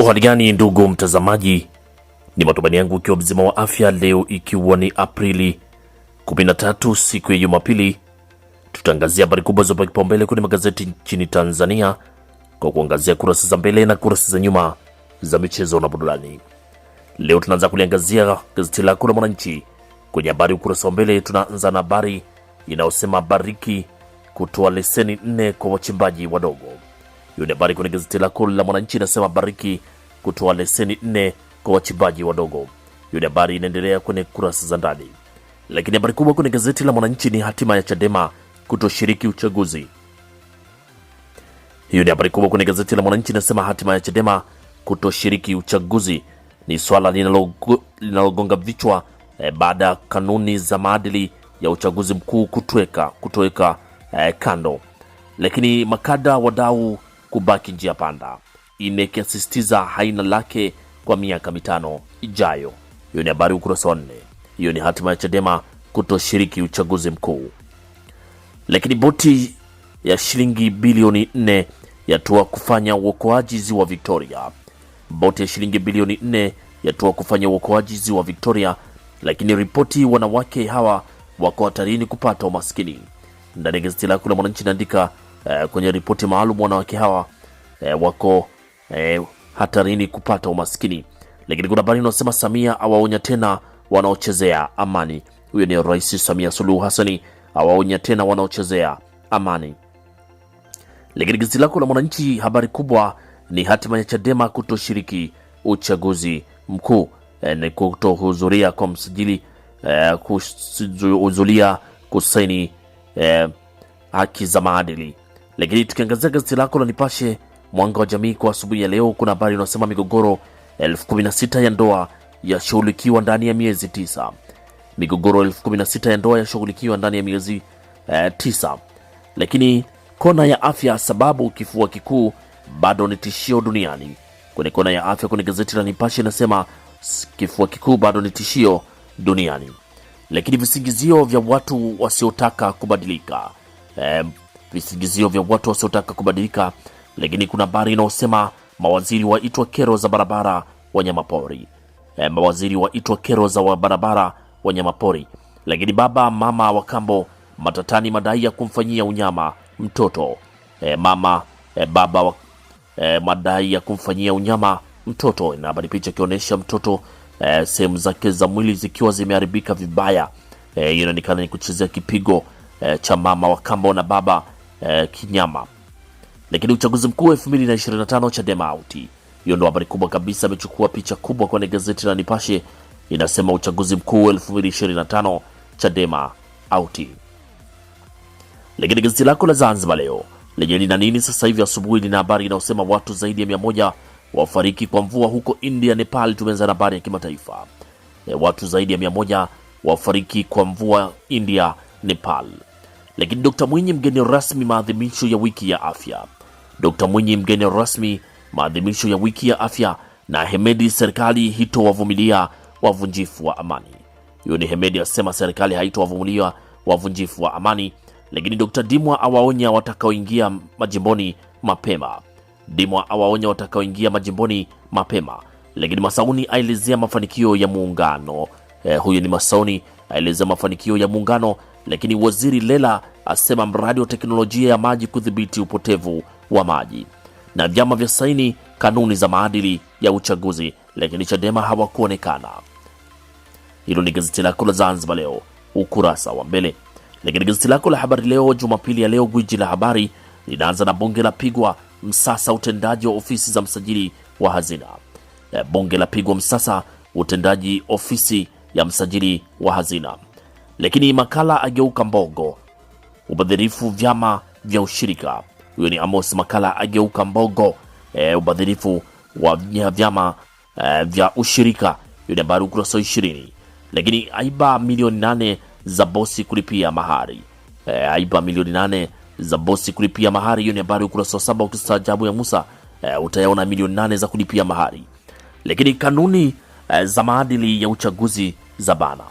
Uhali gani ndugu mtazamaji, ni matumaini yangu ikiwa mzima wa afya. Leo ikiwa ni Aprili 13 siku ya Jumapili, tutaangazia habari kubwa zopa kipaumbele kwenye magazeti nchini Tanzania kwa kuangazia kurasa za mbele na kurasa za nyuma za michezo na burudani. Leo tunaanza kuliangazia gazeti lako la Mwananchi kwenye habari ukurasa wa mbele. Tunaanza na habari inayosema Bariki kutoa leseni nne kwa wachimbaji wadogo. Hiyo ni habari kwenye gazeti lako la Mwananchi inasema Bariki kutoa leseni nne kwa wachimbaji wadogo. Hiyo ni habari inaendelea kwenye kurasa za ndani, lakini habari kubwa kwenye gazeti la Mwananchi ni hatima ya Chadema kutoshiriki uchaguzi. Hiyo ni habari kubwa kwenye gazeti la Mwananchi inasema hatima ya Chadema kutoshiriki uchaguzi ni swala linalogonga vichwa eh, baada ya kanuni za maadili ya uchaguzi mkuu kutoweka kutoweka eh, kando, lakini makada wadau kubaki njia panda, imekiasisitiza haina lake kwa miaka mitano ijayo. Hiyo ni habari ukurasa wa nne. Hiyo ni hatima ya Chadema kutoshiriki uchaguzi mkuu. Lakini boti ya shilingi bilioni nne yatua kufanya uokoaji ziwa Victoria. Boti ya shilingi bilioni nne yatua kufanya uokoaji ziwa Victoria, lakini ripoti wanawake hawa wako hatarini kupata umaskini. Ndani ya gazeti lako la Mwananchi inaandika eh, kwenye ripoti maalum wanawake hawa eh, wako eh, hatarini kupata umaskini. Lakini kuna habari inasema Samia awaonya tena wanaochezea amani. Huyo ni Rais Samia Suluhu Hasani awaonya tena wanaochezea amani. Lakini gazeti lako la Mwananchi, habari kubwa ni hatima ya Chadema kutoshiriki uchaguzi mkuu e, ni kutohudhuria kwa msajili e, eh, kuhudhuria kusaini e, haki za maadili lakini tukiangazia gazeti lako la Nipashe Mwanga wa Jamii kwa asubuhi ya leo, kuna habari inayosema migogoro 16 ya ndoa yashughulikiwa ndani ya miezi tisa. Migogoro 16 ya ndoa yashughulikiwa ndani ya miezi eh, tisa. Lakini kona ya afya, sababu kifua kikuu bado ni tishio duniani. Kwenye kona ya afya kwenye gazeti la Nipashe inasema kifua kikuu bado ni tishio duniani. Lakini visingizio vya watu wasiotaka kubadilika. eh, visingizio vya watu wasiotaka kubadilika. Lakini kuna habari inayosema mawaziri waitwa kero za barabara wanyamapori. E, mawaziri waitwa kero za wa barabara wanyamapori. Lakini baba mama wa kambo matatani madai ya kumfanyia unyama mtoto. E, mama e, baba wa, e, madai ya kumfanyia unyama mtoto. Na habari picha ikionyesha mtoto e, sehemu zake za mwili zikiwa zimeharibika vibaya. E, inaonekana ni kuchezea kipigo e, cha mama wa kambo na baba eh, kinyama. Lakini uchaguzi mkuu wa 2025 Chadema auti. Hiyo ndio habari kubwa kabisa, amechukua picha kubwa kwenye gazeti la Nipashe, inasema uchaguzi mkuu 2025 Chadema auti. Lakini gazeti lako la Zanzibar leo lenye lina nini sasa hivi asubuhi, lina habari inayosema watu zaidi ya mia moja wafariki kwa mvua huko India, Nepal. Tumeanza na habari ya kimataifa, eh, watu zaidi ya mia moja wafariki kwa mvua India, Nepal. Lakini Dr Mwinyi mgeni rasmi maadhimisho ya wiki ya afya. Dr Mwinyi mgeni rasmi maadhimisho ya wiki ya afya na Hemedi, serikali hitowavumilia wavunjifu wa amani. Hiyo ni Hemedi asema serikali haitowavumilia wavunjifu wa amani. Lakini Dkt Dimwa awaonya watakaoingia majimboni mapema. Dimwa awaonya watakaoingia majimboni mapema. Lakini Masauni aelezea mafanikio ya muungano. Eh, huyu ni Masauni aelezea mafanikio ya muungano lakini waziri Lela asema mradi wa teknolojia ya maji kudhibiti upotevu wa maji. Na vyama vya saini kanuni za maadili ya uchaguzi, lakini Chadema hawakuonekana. Hilo ni gazeti lako la Zanzibar Leo ukurasa wa mbele. Lakini gazeti lako la Habari Leo Jumapili ya leo, gwiji la habari linaanza na bunge la pigwa msasa utendaji wa ofisi za msajili wa hazina. Eh, bunge la pigwa msasa utendaji ofisi ya msajili wa hazina lakini Makala ageuka mbogo. Ubadhirifu vyama vya ushirika. Huyo ni Amos Makala ageuka mbogo, e, ubadhirifu wa vyama e, vya ushirika. Hiyo ni habari ukurasa wa ishirini. Lakini aiba milioni nane za bosi kulipia mahari e, aiba milioni nane za bosi kulipia mahari. Hiyo ni habari ukurasa wa saba. Ukistaajabu ya Musa e, utayaona milioni nane za kulipia mahari. Lakini kanuni e, za maadili ya uchaguzi za bana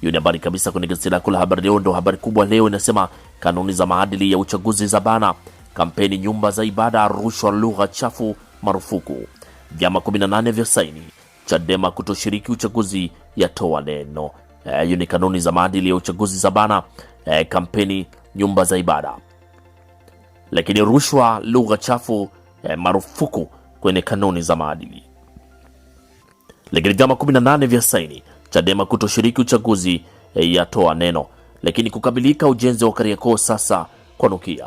hiyo ni habari kabisa kwenye gazeti lako la habari leo. Ndio habari kubwa leo inasema kanuni za maadili ya uchaguzi za bana, kampeni nyumba za ibada, rushwa lugha chafu marufuku, vyama 18 vya saini Chadema kutoshiriki uchaguzi yatoa neno. Eh, hiyo e, ni kanuni za maadili ya uchaguzi za bana, e, kampeni nyumba za ibada, lakini rushwa lugha chafu e, marufuku kwenye kanuni za maadili, lakini vyama 18 vya saini Chadema kutoshiriki uchaguzi eh, yatoa neno, lakini kukamilika ujenzi wa Kariakoo sasa kwa nukia.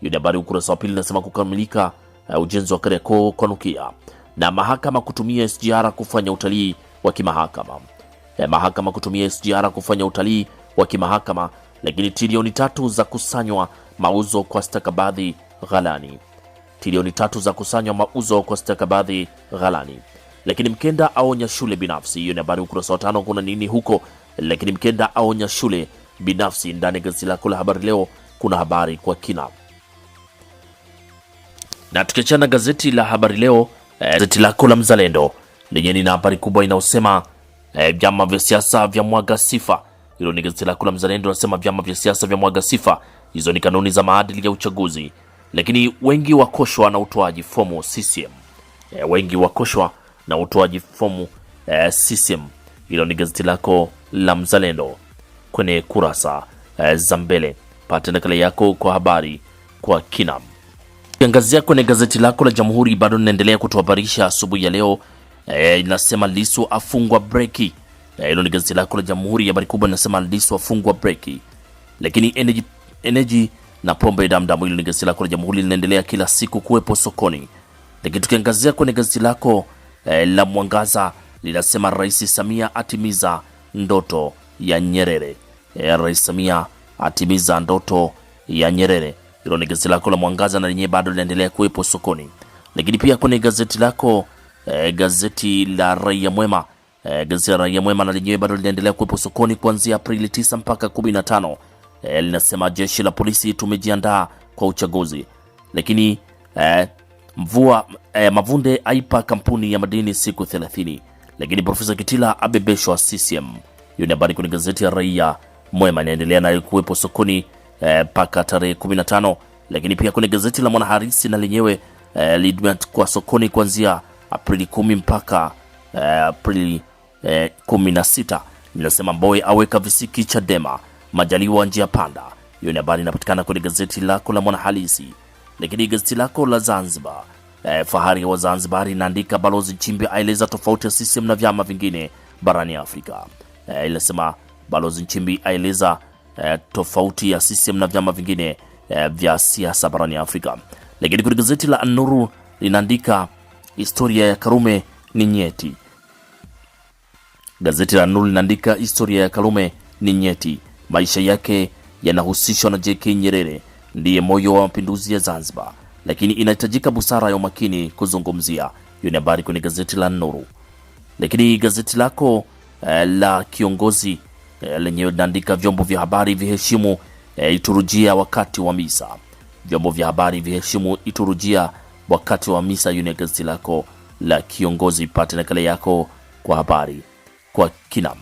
Hiyo ni habari ukurasa wa pili nasema kukamilika eh, ujenzi wa Kariakoo kwa nukia, na mahakama kutumia SGR kufanya utalii wa kimahakama. Eh, mahakama kutumia SGR kufanya utalii wa kimahakama, lakini trilioni tatu za kusanywa mauzo kwa stakabadhi ghalani. Trilioni tatu za kusanywa mauzo kwa stakabadhi ghalani. Lakini Mkenda aonya shule binafsi. Hiyo ni habari ukurasa wa tano, kuna nini huko? Lakini Mkenda aonya shule binafsi. Ndani ya gazeti lako la habari leo kuna habari kwa kina, na tukiachana gazeti la habari leo, eh, gazeti lako la Mzalendo lenye lina habari kubwa inayosema eh, vyama vya siasa vya mwaga sifa. Hilo ni gazeti lako la Mzalendo, nasema vyama vya siasa vya mwaga sifa. Hizo ni kanuni za maadili ya uchaguzi, lakini wengi wakoshwa na utoaji fomu CCM. E, eh, wengi wakoshwa na utoaji fomu eh, CCM. Hilo ni gazeti lako la Mzalendo kwenye kurasa eh, za mbele. Pata nakala yako kwa habari kwa kina. Kiangazia kwenye gazeti lako la Jamhuri, bado linaendelea kutuhabarisha asubuhi ya leo eh, inasema eh, Lissu afungwa breki. Eh, hilo eh, ni gazeti lako la Jamhuri, habari kubwa inasema Lisu afungwa breki, lakini energy, energy na pombe damdamu. Hilo ni gazeti lako la Jamhuri, linaendelea kila siku kuwepo sokoni. Lakini tukiangazia kwenye gazeti lako eh, la Mwangaza linasema Rais Samia atimiza ndoto ya Nyerere. Eh, Rais Samia atimiza ndoto ya Nyerere. Hilo ni gazeti lako la Mwangaza na lenyewe bado linaendelea kuwepo sokoni, lakini pia kwenye gazeti lako eh, gazeti la Raia Mwema eh, gazeti la Raia Mwema na lenyewe bado linaendelea kuwepo sokoni kuanzia Aprili 9 mpaka 15. Eh, linasema jeshi la polisi tumejiandaa kwa uchaguzi, lakini eh, mvua eh, Mavunde aipa kampuni ya madini siku 30, lakini Profesa Kitila abebeshwa CCM. Hiyo ni habari kwenye gazeti ya Raia Mwema, inaendelea nayo kuwepo sokoni eh, mpaka eh, tarehe 15, lakini pia kwenye gazeti la Mwanaharisi na lenyewe eh, limekuwa sokoni kuanzia Aprili 10 mpaka eh, Aprili eh, 16. Linasema Mbowe aweka visiki Chadema, Majaliwa njia panda. Hiyo ni habari inapatikana kwenye gazeti lako la Mwanahalisi. Lakini gazeti lako la Zanzibar eh, fahari wa Zanzibar inaandika Balozi Nchimbi aeleza tofauti ya CCM na vyama vingine barani Afrika. Eh, ilisema Balozi Nchimbi aeleza eh, tofauti ya CCM na vyama vingine eh, vya siasa barani Afrika. Lakini kwenye gazeti la Anuru linaandika historia ya Karume ni nyeti. Gazeti la Nuru linaandika historia ya Karume ni nyeti, maisha yake yanahusishwa na JK Nyerere ndiye moyo wa mapinduzi ya Zanzibar, lakini inahitajika busara ya umakini kuzungumzia. Hiyo ni habari kwenye gazeti la Nuru. Lakini gazeti lako eh, la Kiongozi eh, lenye inaandika vyombo vya habari viheshimu eh, iturujia wakati wa misa. Vyombo vya habari viheshimu iturujia wakati wa misa. Hiyo ni gazeti lako la Kiongozi, pate nakala yako kwa habari kwa kinam.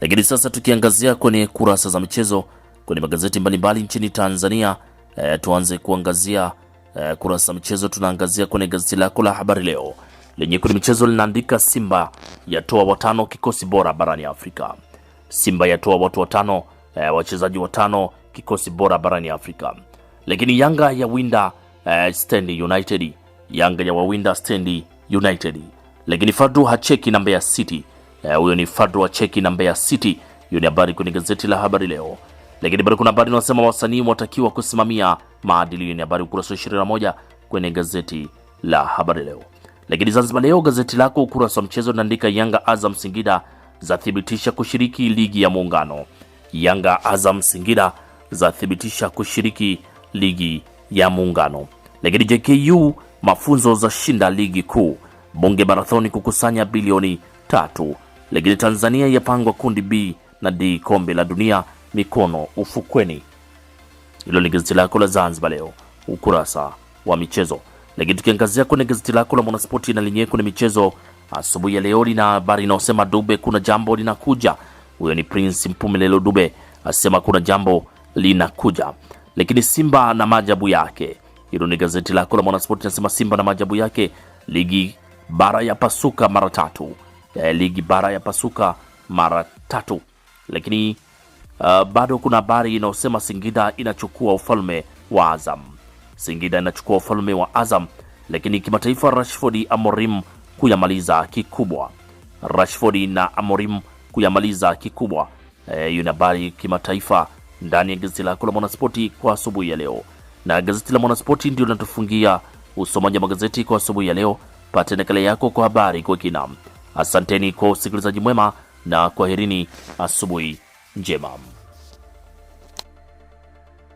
Lakini sasa tukiangazia kwenye kurasa za michezo kwenye magazeti mbalimbali nchini Tanzania. E, tuanze kuangazia e, kurasa mchezo. Tunaangazia kwenye gazeti lako la Habari Leo lenye kwenye michezo linaandika Simba yatoa watano kikosi bora barani Afrika. Simba yatoa watu watano e, wachezaji watano kikosi bora barani Afrika. Lakini Yanga ya winda e, Stand United, Yanga ya wawinda Stand United. Lakini Fadru hacheki na Mbeya City, huyo e, ni Fadru hacheki na Mbeya City. Hiyo ni habari kwenye gazeti la Habari Leo. Lakini bado kuna habari inasema wasanii watakiwa kusimamia maadili. Ni habari ukurasa wa 21 kwenye gazeti la habari leo. Lakini Zanzibar Leo, gazeti lako ukurasa wa mchezo linaandika Yanga Azam Singida zathibitisha kushiriki ligi ya Muungano. Yanga Azam Singida zathibitisha kushiriki ligi ya Muungano. Lakini JKU mafunzo za shinda ligi kuu, bunge marathoni kukusanya bilioni tatu. Lakini Tanzania yapangwa kundi B na D kombe la dunia mikono ufukweni. Hilo ni gazeti lako la Zanzibar Leo, ukurasa wa michezo. Lakini tukiangazia kwenye gazeti lako la Mwanaspoti na lenyewe kwenye michezo asubuhi ya leo, lina habari inayosema Dube, kuna jambo linakuja. Huyo ni Prince Mpumelelo Dube asema kuna jambo linakuja. Lakini Simba na maajabu yake, hilo ni gazeti lako la Mwanaspoti nasema Simba na maajabu yake, ligi bara ya pasuka mara tatu, eh, ligi bara ya pasuka mara tatu. Lakini uh, bado kuna habari inayosema Singida inachukua ufalme wa Azam. Singida inachukua ufalme wa Azam, lakini kimataifa, Rashford Amorim kuyamaliza kikubwa. Rashford na Amorim kuyamaliza kikubwa. E, hiyo ni habari kimataifa ndani ya gazeti lako la Mwanaspoti kwa asubuhi ya leo, na gazeti la Mwanaspoti ndio linatufungia usomaji wa magazeti kwa asubuhi ya leo. Pate nakala yako kwa habari kwa kina. Asanteni kwa usikilizaji mwema na kwaherini, asubuhi njema.